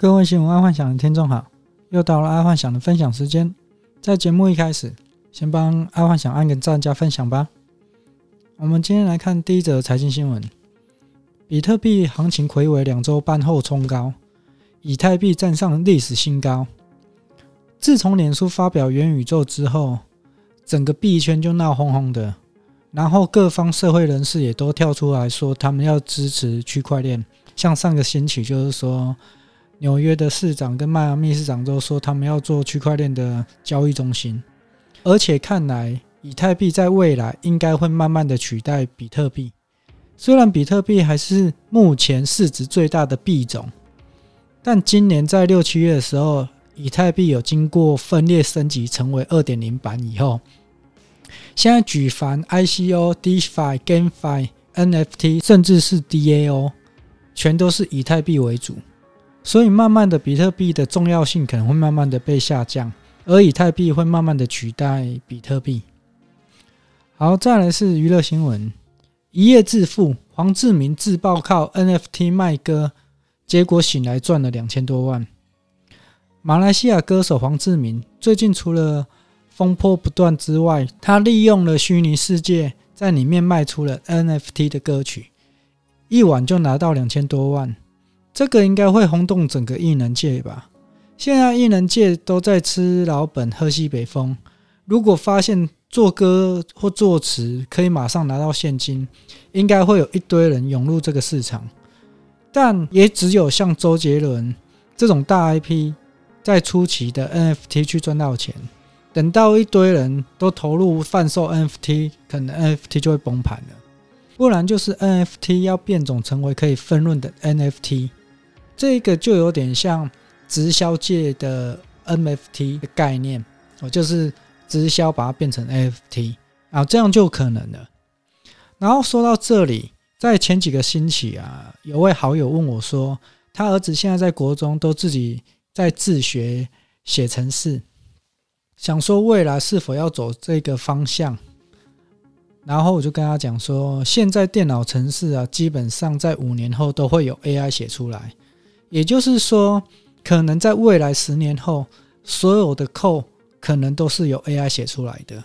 各位新聞愛幻想的聽眾好，又到了愛幻想的分享時間。在節目一開始，先幫愛幻想按個讚加分享吧。我們今天來看第一則財經新聞：比特幣行情睽違兩週半後衝高，以太幣站上歷史新高。自從臉書發表元宇宙之後，整個幣圈就鬧哄哄的，然後各方社會人士也都跳出來說他們要支持區塊鏈。像上個星期就是說。紐約的市長跟邁阿密市長都說，他們要做區塊鏈的交易中心。而且看來，以太幣在未來應該會慢慢的取代比特幣。雖然比特幣還是目前市值最大的幣種，但今年在六七月的時候，以太幣有經過分裂升級成為2.0版以後，現在舉凡 ICO、DeFi、GameFi、NFT，甚至是 DAO，全都是以太幣為主。所以，慢慢的，比特幣的重要性可能會慢慢的被下降，而以太幣會慢慢的取代比特幣。好，再來是娛樂新聞：一夜致富，黃志明自爆靠 NFT 賣歌，結果醒來賺了兩千多萬。馬來西亞歌手黃志明最近除了風波不斷之外，他利用了虛擬世界，在裡面賣出了 NFT 的歌曲，一晚就拿到兩千多萬。這個應該會轟動整個藝能界吧？現在藝能界都在吃老本、喝西北風。如果發現作歌或作詞可以馬上拿到現金，應該會有一堆人湧入這個市場。但也只有像周杰倫這種大 IP 在初期的 NFT 去賺到錢，等到一堆人都投入販售 NFT，可能 NFT 就會崩盤了。不然就是 NFT 要變種成為可以分潤的 NFT。這個就有點像直銷界的 NFT 的概念，哦，就是直銷把它變成 NFT 啊，這樣就可能了。然後說到這裡，在前幾個星期啊，有位好友問我說，他兒子現在在國中都自己在自學寫程式，想說未來是否要走這個方向。然後我就跟他講說，現在電腦程式啊，基本上在五年後都會有 AI 寫出來。也就是說，可能在未來十年後，所有的 code 可能都是由 AI 寫出來的，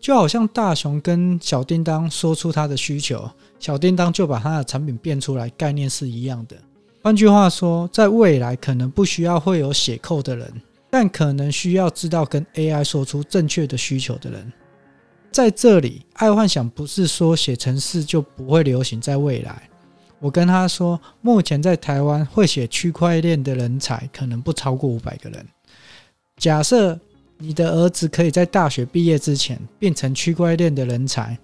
就好像大雄跟小叮噹說出他的需求，小叮噹就把他的產品變出來，概念是一樣的。換句話說，在未來可能不需要會有寫 code 的人，但可能需要知道跟 AI 說出正確的需求的人。在這裡，愛幻想不是說寫程式就不會流行，在未來。我跟他說，目前在台灣會寫區塊鏈的人才可能不超過五百個人。假設你的兒子可以在大學畢業之前變成區塊鏈的人才，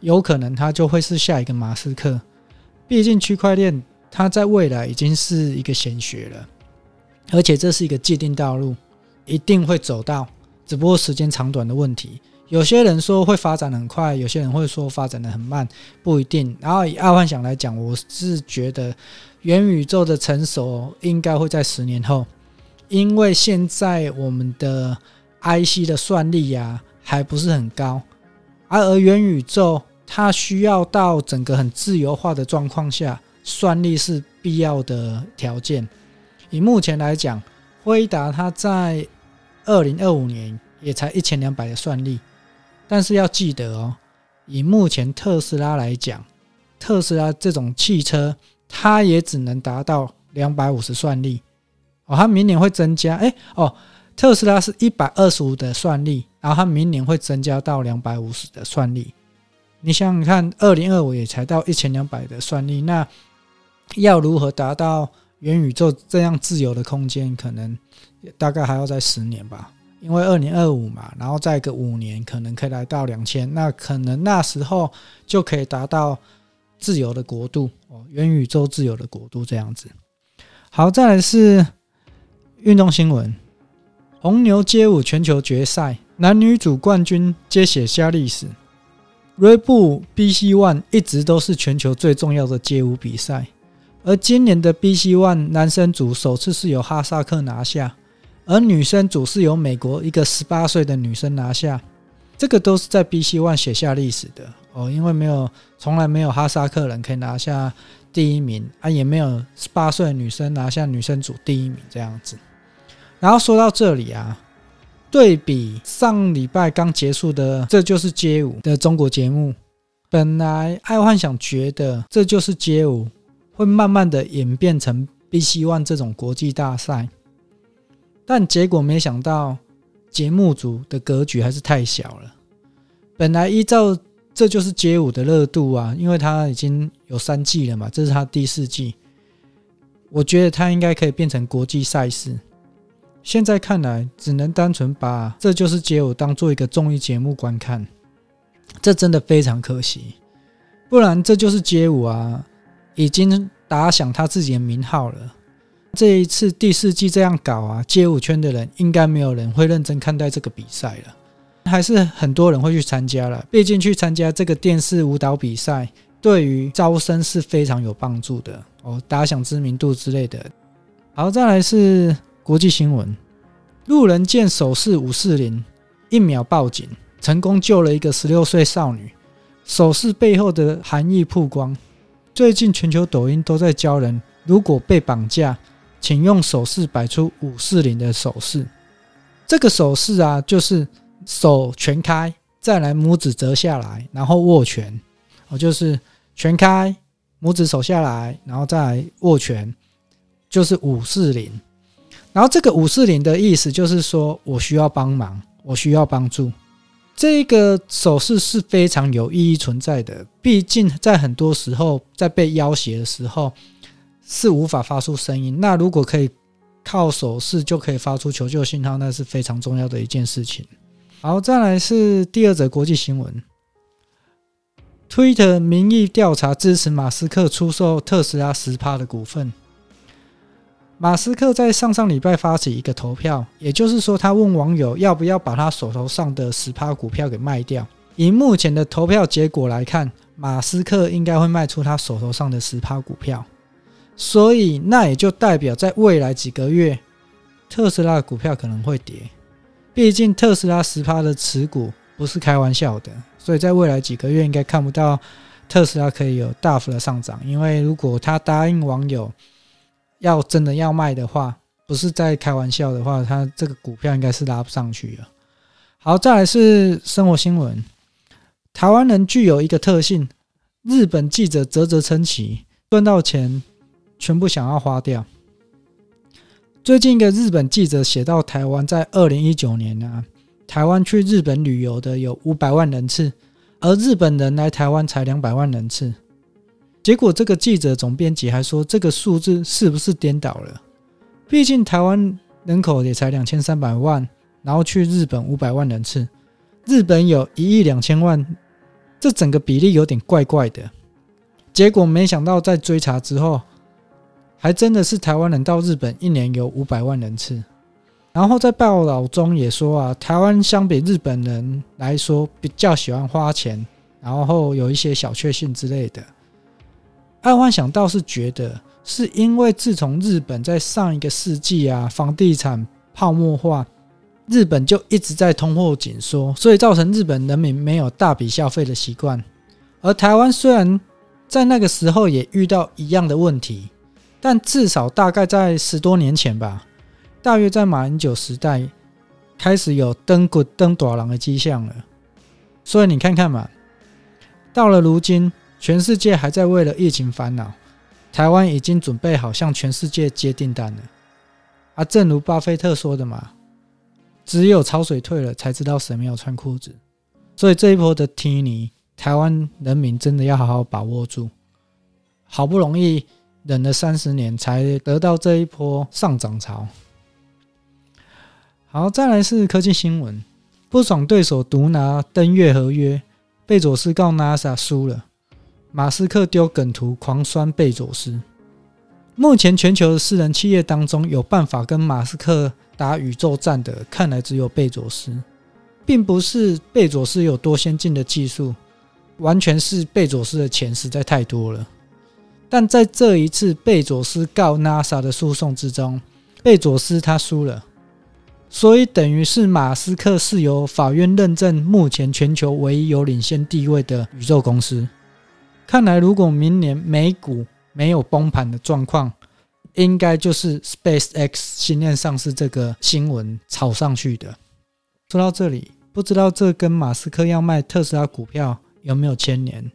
有可能他就會是下一個馬斯克。畢竟區塊鏈他在未來已經是一個顯學了，而且這是一個既定道路，一定會走到，只不過時間長短的問題。有些人說會發展很快，有些人會說發展的很慢，不一定。然後以二幻想來講，我是覺得元宇宙的成熟應該會在十年後，因為現在我們的 IC 的算力呀、啊、還不是很高，而而元宇宙它需要到整個很自由化的狀況下，算力是必要的條件。以目前來講，輝達它在二零二五年也才一千兩百的算力。但是要記得哦，以目前特斯拉來講，特斯拉這種汽車，它也只能達到兩百五十算力。哦，它明年會增加。哎、欸，哦，特斯拉是一百二十五的算力，然後它明年會增加到兩百五十的算力。你想想看，二零二五也才到一千兩百的算力，那要如何達到元宇宙這樣自由的空間？可能也大概還要再十年吧。因為二零二五嘛，然後再一個五年，可能可以來到兩千，那可能那時候就可以達到自由的國度哦，元宇宙自由的國度這樣子。好，再來是運動新聞：紅牛街舞全球決賽，男女組冠軍皆寫下歷史。Red Bull BC One 一直都是全球最重要的街舞比賽，而今年的 BC One 男生組首次是由哈薩克拿下。而女生組是由美國一個十八歲的女生拿下，這個都是在 BC One 寫下歷史的哦，因為沒有從來沒有哈薩克人可以拿下第一名啊，也沒有十八歲的女生拿下女生組第一名這樣子。然後說到這裡啊，對比上禮拜剛結束的《這就是街舞》的中國節目，本來愛幻想覺得《這就是街舞》會慢慢的演變成 BC One 這種國際大賽。但結果沒想到，節目組的格局還是太小了。本來依照這就是街舞的熱度啊，因為它已經有三季了嘛，這是它第四季，我覺得它應該可以變成國際賽事。現在看來，只能單純把這就是街舞當做一個綜藝節目觀看，這真的非常可惜。不然，這就是街舞啊，已經打響他自己的名號了。這一次第四季這樣搞啊，街舞圈的人應該沒有人會認真看待這個比賽了，還是很多人會去參加了。畢竟去參加這個電視舞蹈比賽，對於招生是非常有幫助的哦，打響知名度之類的。好，再來是國際新聞：路人見手勢五四零，一秒報警，成功救了一個十六歲少女。手勢背後的含義曝光。最近全球抖音都在教人，如果被綁架，請用手勢擺出五四零的手勢。這個手勢啊，就是手全開，再來拇指折下來，然後握拳。哦，就是全開，拇指手下來，然後再來握拳，就是五四零。然後這個五四零的意思就是說我需要幫忙，我需要幫助。這個手勢是非常有意義存在的，畢竟在很多時候，在被要挾的時候。是無法發出聲音。那如果可以靠手勢就可以發出求救信號，那是非常重要的一件事情。好，再來是第二則國際新聞：Twitter 民意調查支持馬斯克出售特斯拉十趴的股份。馬斯克在上上禮拜發起一個投票，也就是說，他問網友要不要把他手頭上的十趴股票給賣掉。以目前的投票結果來看，馬斯克應該會賣出他手頭上的十趴股票。所以，那也就代表在未來幾個月，特斯拉的股票可能會跌。畢竟，特斯拉十趴的持股不是開玩笑的。所以在未來幾個月，應該看不到特斯拉可以有大幅的上漲。因為，如果他答應網友要真的要賣的話，不是在開玩笑的話，他這個股票應該是拉不上去了。好，再來是生活新聞。台灣人具有一個特性，日本記者嘖嘖稱奇，賺到錢。全部想要花掉。最近一個日本記者寫到，台灣在二零一九年啊，台灣去日本旅遊的有五百萬人次，而日本人來台灣才兩百萬人次。結果這個記者總編輯還說，這個數字是不是顛倒了？畢竟台灣人口也才兩千三百萬，然後去日本五百萬人次，日本有一億兩千萬，這整個比例有點怪怪的。結果沒想到，在追查之後，還真的是台灣人到日本一年有五百萬人次。然後在報道中也說啊，台灣相比日本人來說比較喜歡花錢，然後有一些小確幸之類的。按幻想倒是覺得，是因為自從日本在上一個世紀啊，房地產泡沫化，日本就一直在通貨緊縮，所以造成日本人民沒有大筆消費的習慣。而台灣雖然在那個時候也遇到一樣的問題。但至少大概在十多年前吧，大約在馬英九時代開始有登古登大郎的跡象了。所以你看看嘛，到了如今，全世界還在為了疫情煩惱，台灣已經準備好向全世界接訂單了。啊，正如巴菲特說的嘛，只有潮水退了，才知道誰沒有穿褲子。所以這一波的提尼，台灣人民真的要好好把握住。好不容易。忍了三十年才得到這一波上漲潮。好，再來是科技新聞，不爽對手獨拿登月合約，貝佐斯告 NASA 輸了，馬斯克丟梗圖狂酸貝佐斯。目前全球的私人企業當中，有辦法跟馬斯克打宇宙戰的，看來只有貝佐斯，並不是貝佐斯有多先進的技術，完全是貝佐斯的錢實在太多了。但在這一次貝佐斯告 NASA 的訴訟之中，貝佐斯他輸了，所以等於是馬斯克是由法院認證目前全球唯一有領先地位的宇宙公司。看來如果明年美股沒有崩盤的狀況，應該就是 SpaceX 新念上市這個新聞炒上去的。說到這裡，不知道這跟馬斯克要賣特斯拉股票有沒有牽連？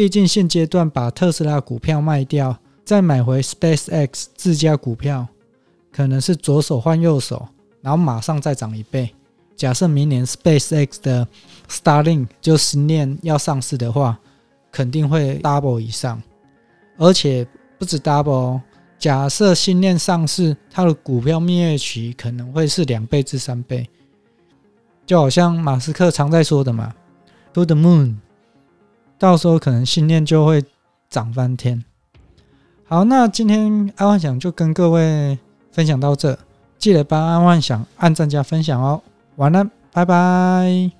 畢竟現階段把特斯拉股票賣掉，再買回 SpaceX 自家股票，可能是左手換右手，然後馬上再漲一倍。假設明年 SpaceX 的 Starlink 就星鏈要上市的話，肯定會 double 以上，而且不止 double 哦，假設星鏈上市，它的股票溢價可能會是兩倍至三倍，就好像馬斯克常在說的嘛，“to the moon”。到時候可能信念就會漲翻天。好，那今天安幻想就跟各位分享到這，記得幫安幻想按讚加分享哦。晚安，拜拜。